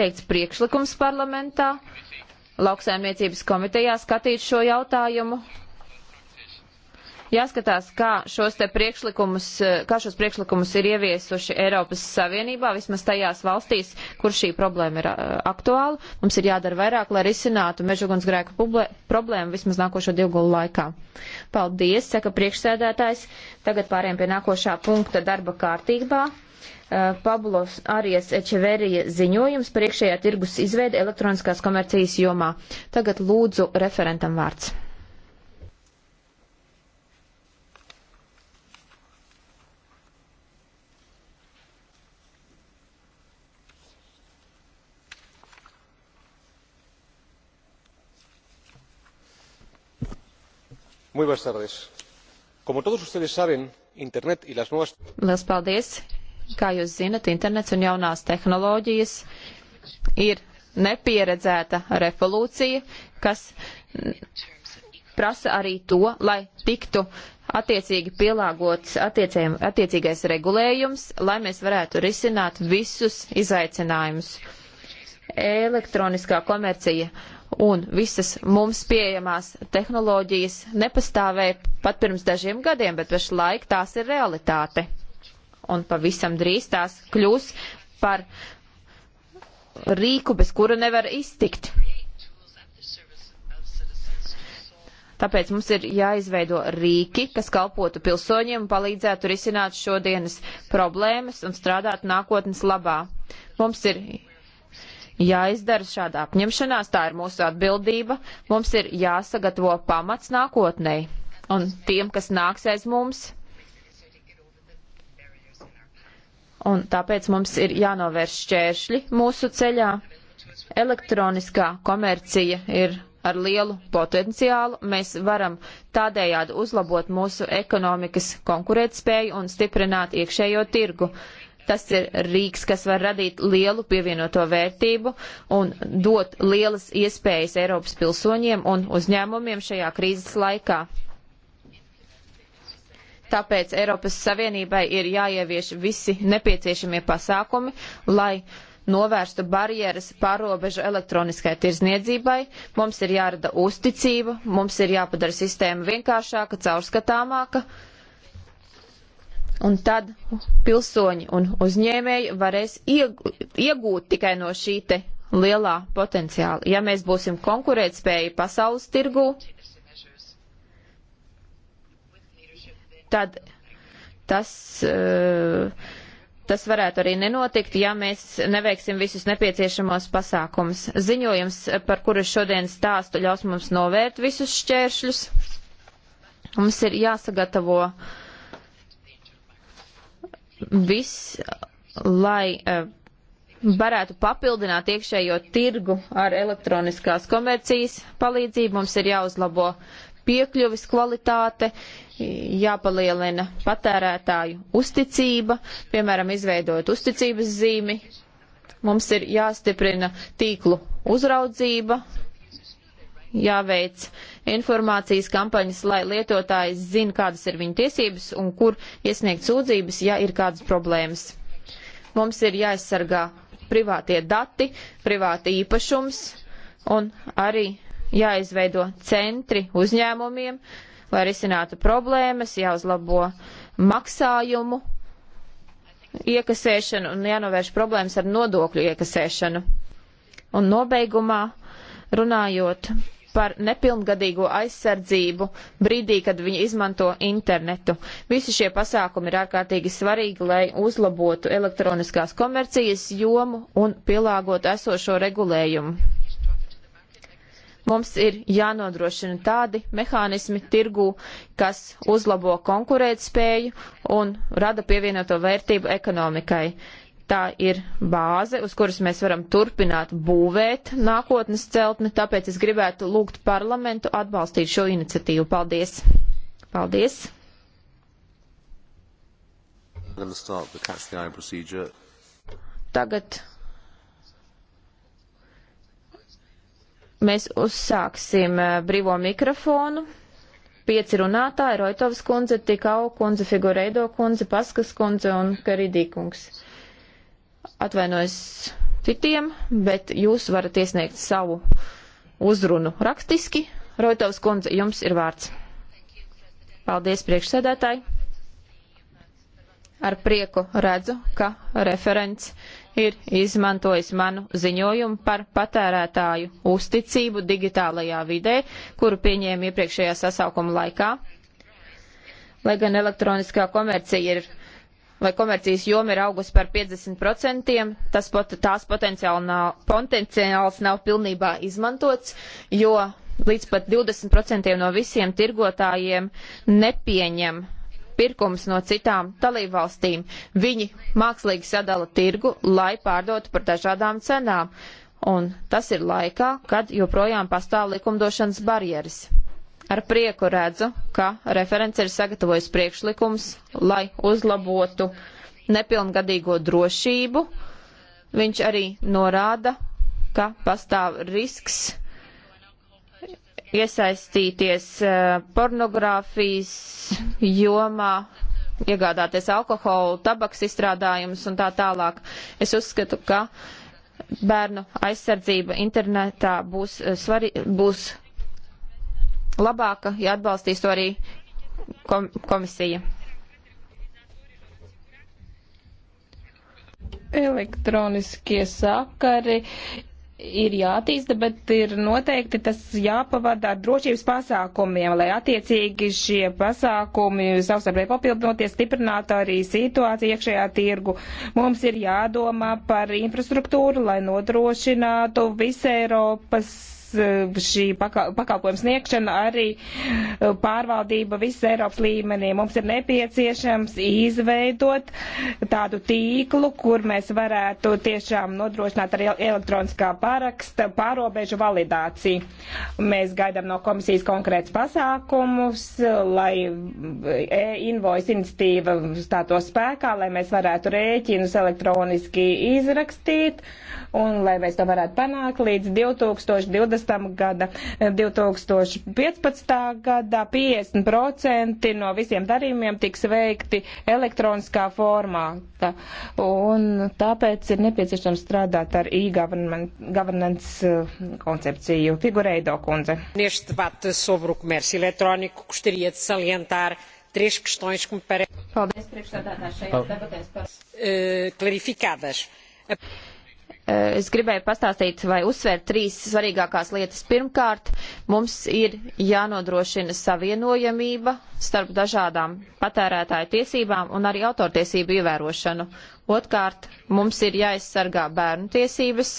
izteikts priekšlikums parlamentā, lauksaimniecības komitejā skatīt šo jautājumu. Jāskatās, kā šos te priekšlikumus, kā šos priekšlikumus ir ieviesuši Eiropas Savienībā, vismaz tajās valstīs, kur šī problēma ir aktuāla. Mums ir jādara vairāk, lai risinātu mežugunsgrēku problēmu vismaz nākošo divu laikā. Paldies, saka priekšsēdētājs. Tagad pāriem pie nākošā punkta darba kārtībā. Eh, Pablos Arijas Ečeverija ziņojums par iekšējā tirgus izveidi elektroniskās komercijas jomā. Tagad lūdzu referentam vārds. Muy buenas tardes. Como todos ustedes saben, Internet y las nuevas. Las paldies. Kā jūs zinat, internets un jaunās tehnoloģijas ir nepieredzēta revolūcija, kas prasa arī to, lai tiktu attiecīgi pielāgots attiecīgais regulējums, lai mēs varētu risināt visus izaicinājumus. Elektroniskā komercija un visas mums pieejamās tehnoloģijas nepastāvēja pat pirms dažiem gadiem, bet pašlaik tās ir realitāte un pavisam drīz tās kļūs par rīku, bez kura nevar iztikt. Tāpēc mums ir jāizveido rīki, kas kalpotu pilsoņiem un palīdzētu risināt šodienas problēmas un strādāt nākotnes labā. Mums ir jāizdara šāda apņemšanās, tā ir mūsu atbildība. Mums ir jāsagatavo pamats nākotnē un tiem, kas nāks aiz mums un tāpēc mums ir jānovērš šķēršļi mūsu ceļā. Elektroniskā komercija ir ar lielu potenciālu. Mēs varam tādējādi uzlabot mūsu ekonomikas konkurētspēju un stiprināt iekšējo tirgu. Tas ir rīks, kas var radīt lielu pievienoto vērtību un dot lielas iespējas Eiropas pilsoņiem un uzņēmumiem šajā krīzes laikā tāpēc Eiropas Savienībai ir jāievieš visi nepieciešamie pasākumi, lai novērstu barjeras pārobežu elektroniskai tirzniecībai, mums ir jārada uzticība, mums ir jāpadara sistēma vienkāršāka, caurskatāmāka, un tad pilsoņi un uzņēmēji varēs iegūt tikai no šī te lielā potenciāla. Ja mēs būsim konkurētspēji pasaules tirgū, tad tas. Uh, Tas varētu arī nenotikt, ja mēs neveiksim visus nepieciešamos pasākumus. Ziņojums, par kuru šodien stāstu, ļaus mums novērt visus šķēršļus. Mums ir jāsagatavo viss, lai eh, varētu papildināt iekšējo tirgu ar elektroniskās komercijas palīdzību. Mums ir jāuzlabo piekļuvis kvalitāte, jāpalielina patērētāju uzticība, piemēram, izveidot uzticības zīmi. Mums ir jāstiprina tīklu uzraudzība, jāveic informācijas kampaņas, lai lietotājs zina, kādas ir viņa tiesības un kur iesniegt sūdzības, ja ir kādas problēmas. Mums ir jāaizsargā privātie dati, privāti īpašums un arī jāizveido centri uzņēmumiem, lai risinātu problēmas, jāuzlabo maksājumu iekasēšanu un jānovērš problēmas ar nodokļu iekasēšanu. Un nobeigumā runājot par nepilngadīgo aizsardzību brīdī, kad viņi izmanto internetu. Visi šie pasākumi ir ārkārtīgi svarīgi, lai uzlabotu elektroniskās komercijas jomu un pielāgotu esošo regulējumu. Mums ir jānodrošina tādi mehānismi tirgū, kas uzlabo konkurētspēju un rada pievienoto vērtību ekonomikai. Tā ir bāze, uz kuras mēs varam turpināt būvēt nākotnes celtni, tāpēc es gribētu lūgt parlamentu atbalstīt šo iniciatīvu. Paldies! Paldies! Tagad Mēs uzsāksim eh, brīvo mikrofonu. Pieci runātāji - Roitovs kundze, Tikau kundze, Figureido kundze, Paskas kundze un Karidīkungs. Atvainojos citiem, bet jūs varat iesniegt savu uzrunu rakstiski. Roitovs kundze, jums ir vārds. Paldies, priekšsēdētāji! ar prieku redzu, ka referents ir izmantojis manu ziņojumu par patērētāju uzticību digitālajā vidē, kuru pieņēma iepriekšējā sasaukuma laikā. Lai gan elektroniskā komercija ir, vai komercijas joma ir augusi par 50%, tas pot, tās potenciāli nav, potenciāls nav pilnībā izmantots, jo līdz pat 20% no visiem tirgotājiem nepieņem uh, pirkumus no citām dalībvalstīm. Viņi mākslīgi sadala tirgu, lai pārdotu par dažādām cenām. Un tas ir laikā, kad joprojām pastāv likumdošanas barjeras. Ar prieku redzu, ka referents ir sagatavojis priekšlikums, lai uzlabotu nepilngadīgo drošību. Viņš arī norāda, ka pastāv risks iesaistīties eh, pornogrāfijas jomā, iegādāties alkoholu, tabaks izstrādājumus un tā tālāk. Es uzskatu, ka bērnu aizsardzība internetā būs, eh, svari, būs labāka, ja atbalstīs to arī kom komisija. Elektroniskie sakari ir jātīsta, bet ir noteikti tas jāpavada ar drošības pasākumiem, lai attiecīgi šie pasākumi savstarpēji papildinoties stiprinātu arī situāciju iekšējā tirgu. Mums ir jādomā par infrastruktūru, lai nodrošinātu visu Eiropas Eh, šī pakalpojuma sniegšana, arī eh, pārvaldība visas Eiropas līmenī. Mums ir nepieciešams izveidot tādu tīklu, kur mēs varētu tiešām nodrošināt arī elektroniskā paraksta pārobežu validāciju. Mēs gaidām no komisijas konkrēts pasākumus, lai eh, e-invoice iniciatīva stātos spēkā, lai mēs varētu rēķinus elektroniski izrakstīt un lai mēs to varētu panākt līdz 2020. 2014. gada. 2015. Eh, gadā 50% no visiem darījumiem tiks veikti elektroniskā formāta. Un tāpēc ir nepieciešams strādāt ar e-governance eh, koncepciju. Figureido kundze. Neste debate sobre o comércio eletrónico, gostaria de salientar três questões que me parecem eh, clarificadas. Eh, es gribēju pastāstīt vai uzsvērt trīs svarīgākās lietas. Pirmkārt, mums ir jānodrošina savienojamība starp dažādām patērētāju tiesībām un arī autortiesību ievērošanu. Otkārt, mums ir jāaizsargā bērnu tiesības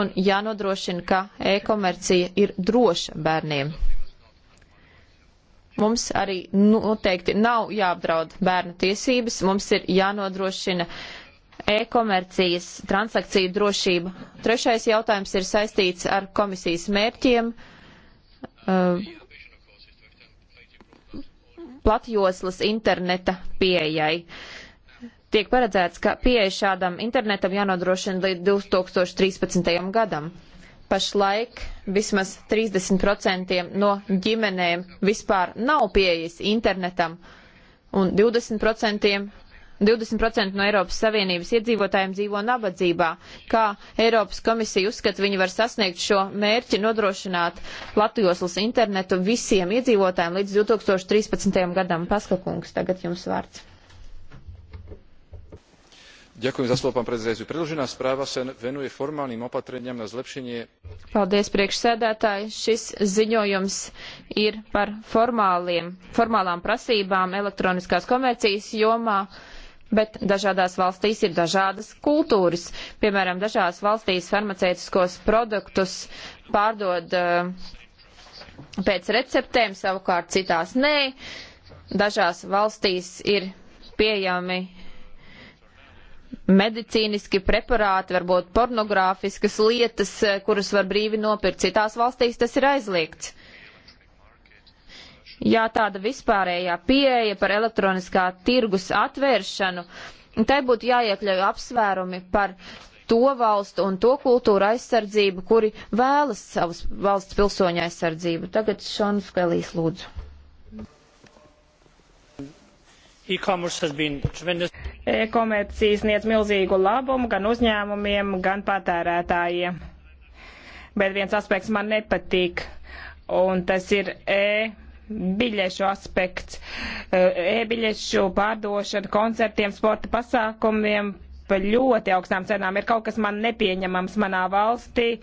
un jānodrošina, ka e-komercija ir droša bērniem. Mums arī noteikti nav jāapdraud bērnu tiesības, mums ir jānodrošina uh, e-komercijas transakciju drošību. Trešais jautājums ir saistīts ar komisijas mērķiem. Uh, platjoslas interneta pieejai. Tiek paredzēts, ka pieeja šādam internetam jānodrošina līdz 2013. gadam. Pašlaik vismaz 30% no ģimenēm vispār nav pieejas internetam, un 20% 20% no Eiropas Savienības iedzīvotājiem dzīvo nabadzībā. Kā Eiropas komisija uzskata, viņi var sasniegt šo mērķi nodrošināt Latvijoslas internetu visiem iedzīvotājiem līdz 2013. gadam? Paskakungs, tagad jums vārds. Ďakujem za slovo, pán predsedajúci. Predložená správa sa venuje formálnym opatreniam na zlepšenie. Paldies, priekšsēdētāji. Šis ziņojums ir par formāliem, formālām prasībām elektroniskās komercijas jomā bet dažādās valstīs ir dažādas kultūras. Piemēram, dažās valstīs farmaceitiskos produktus pārdod uh, pēc receptēm, savukārt citās nē. Dažās valstīs ir pieejami medicīniski preparāti, varbūt pornogrāfiskas lietas, eh, kuras var brīvi nopirkt. Citās valstīs tas ir aizliegts. Jā, tāda vispārējā pieeja par elektroniskā tirgus atvēršanu, tai būtu jāiekļauj apsvērumi par to valstu un to kultūru aizsardzību, kuri vēlas savus valsts pilsoņu aizsardzību. Tagad Šons Kelīs lūdzu. E-komercija sniedz milzīgu labumu gan uzņēmumiem, gan patērētājiem. Bet viens aspekts man nepatīk, un tas ir e-komercija biļešu aspekts, eh, e-biļešu pārdošana koncertiem, sporta pasākumiem pa ļoti augstām cenām ir kaut kas man nepieņemams manā valstī.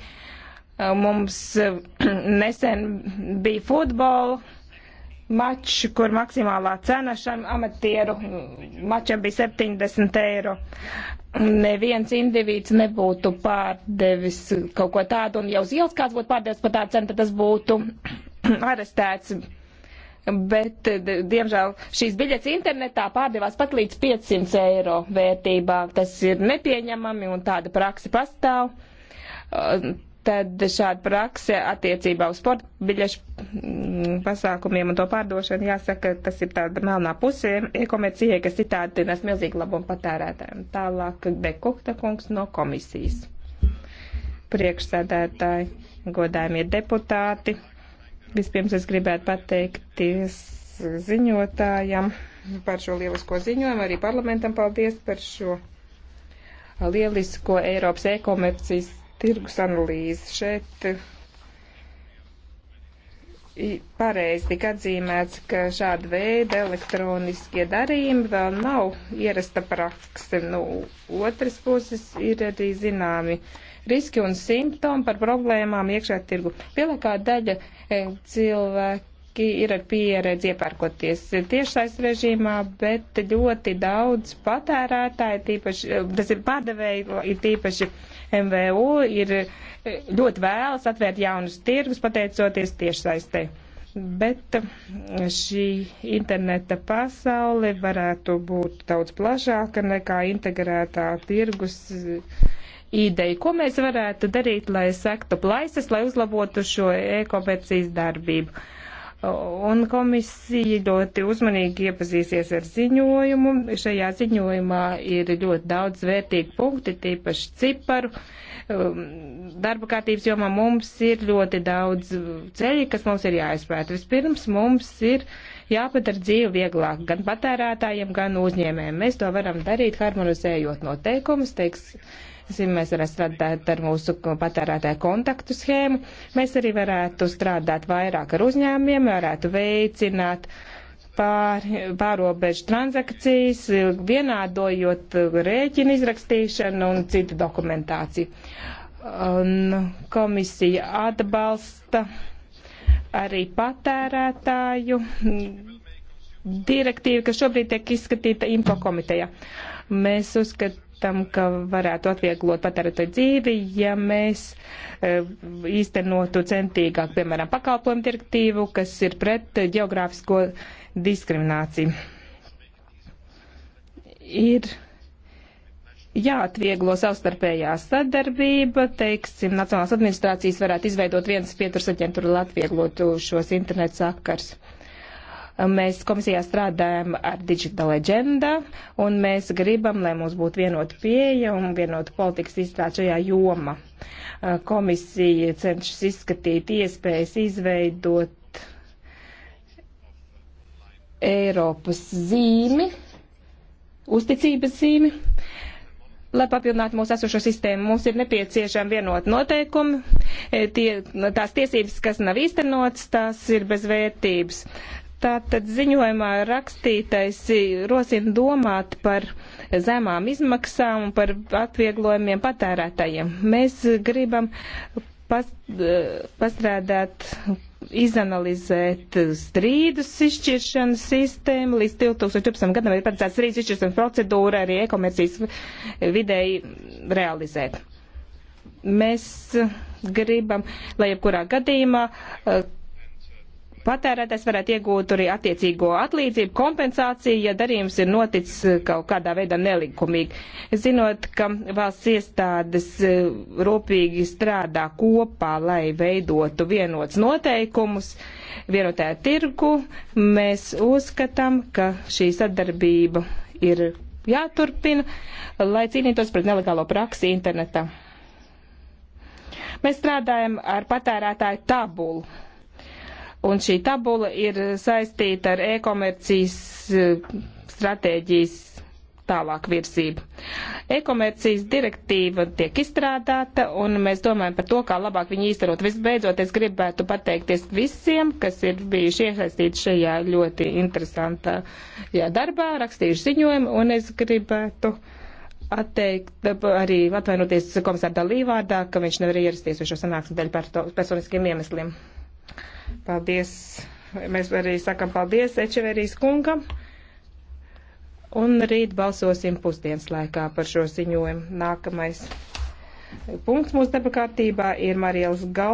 Eh, mums eh, nesen bija futbola mačs, kur maksimālā cena šam amatieru mm, mačam bija 70 eiro. Neviens indivīds nebūtu pārdevis kaut ko tādu, un jau uz ielas kāds būtu pārdevis par tādu cenu, tad tas būtu arestēts bet, eh, diemžēl, šīs biļetes internetā pārdevās pat līdz 500 eiro vērtībā. Tas ir nepieņemami un tāda praksa pastāv. Eh, tad šāda praksa attiecībā uz sporta biļešu mm, pasākumiem un to pārdošanu, jāsaka, tas ir tāda melnā puse e-komercijai, kas citādi nes milzīgi labumu patērētājiem. Tālāk Dekukta kungs no komisijas. Priekšsēdētāji, godājumie deputāti Vispirms es gribētu pateikties ziņotājam par šo lielisko ziņojumu, arī parlamentam paldies par šo lielisko Eiropas e-komercijas tirgus analīzi. Šeit pareizi tika atzīmēts, ka šāda veida elektroniskie darījumi vēl nav ierasta prakse. No nu, otras puses ir arī zināmi riski un simptomi par problēmām iekšā tirgu. Lielākā daļa eh, cilvēku cilvēki ir ar pieredzi iepērkoties tiešais režīmā, bet ļoti daudz patērētāji, tīpaši, tas ir pārdevēji, ir tīpaši MVU, ir ļoti vēlas atvērt jaunus tirgus pateicoties tiešsaistē. Bet šī interneta pasaule varētu būt daudz plašāka nekā integrētā tirgus ideju, ko mēs varētu darīt, lai sektu plaisas, lai uzlabotu šo e-komercijas darbību. Uh, un komisija ļoti uzmanīgi iepazīsies ar ziņojumu. Šajā ziņojumā ir ļoti daudz vērtīgu punkti, tīpaši ciparu. Um, darba kārtības jomā mums ir ļoti daudz ceļi, kas mums ir jāizpēta. Vispirms mums ir jāpadara dzīve vieglāk gan patērētājiem, gan uzņēmējiem. Mēs to varam darīt harmonizējot noteikumus, teiks, mēs varētu strādāt ar mūsu patērētāju kontaktu schēmu, mēs arī varētu strādāt vairāk ar uzņēmumiem, varētu veicināt pār, pārobežu transakcijas, vienādojot rēķinu izrakstīšanu un citu dokumentāciju. Un komisija atbalsta arī patērētāju direktīva, kas šobrīd tiek izskatīta IMCO komiteja. Mēs uzskatām, uzskatām, ka varētu atvieglot patērētāju dzīvi, ja mēs e, īstenotu centīgāk, piemēram, pakalpojumu direktīvu, kas ir pret geogrāfisko diskrimināciju. Ir jāatvieglo savstarpējā sadarbība, teiksim, Nacionālās administrācijas varētu izveidot vienas pieturas aģentūru, lai atvieglotu šos internetu sakars. Mēs komisijā strādājam ar Digital Agenda, un mēs gribam, lai mums būtu vienota pieeja un vienota politikas izstrāde šajā jomā. Uh, komisija cenšas izskatīt iespējas izveidot Eiropas zīmi, uzticības zīmi. Lai papildinātu mūsu esošo sistēmu, mums ir nepieciešami vienot noteikumi. E, tie, tās tiesības, kas nav īstenotas, tās ir bezvērtības. Tātad ziņojumā rakstītais rosina domāt par zemām izmaksām un par atvieglojumiem patērētājiem. Mēs gribam pas, pastrādāt, izanalizēt strīdus izšķiršanas sistēmu. Līdz 2014. gadam ir paredzēts strīdus izšķiršanas procedūra arī e-komercijas vidēji realizēt. Mēs gribam, lai jebkurā gadījumā patērētājs varētu iegūt arī attiecīgo atlīdzību, kompensāciju, ja darījums ir noticis eh, kaut kādā veidā nelikumīgi. Zinot, ka valsts iestādes eh, rūpīgi strādā kopā, lai veidotu vienots noteikumus, vienotē tirgu, mēs uzskatām, ka šī sadarbība ir jāturpina, lai cīnītos pret nelegālo praksi internetā. Mēs strādājam ar patērētāju tabulu Un šī tabula ir saistīta ar e-komercijas e, stratēģijas tālāk virzību. E-komercijas direktīva tiek izstrādāta, un mēs domājam par to, kā labāk viņu īstenot. Visbeidzot, es gribētu pateikties visiem, kas ir bijuši iesaistīti šajā ļoti interesantā darbā, rakstījuši ziņojumu, un es gribētu atteikt, arī atvainoties komisāra dalībvārdā, ka viņš nevar ierasties uz šo sanāksmu dēļ personiskiem iemesliem. Paldies. Mēs arī sakam paldies Ečeverijas kungam. Un rīt balsosim pusdienas laikā par šo ziņojumu. Nākamais punkts mūsu debakārtībā ir Marielas Gal.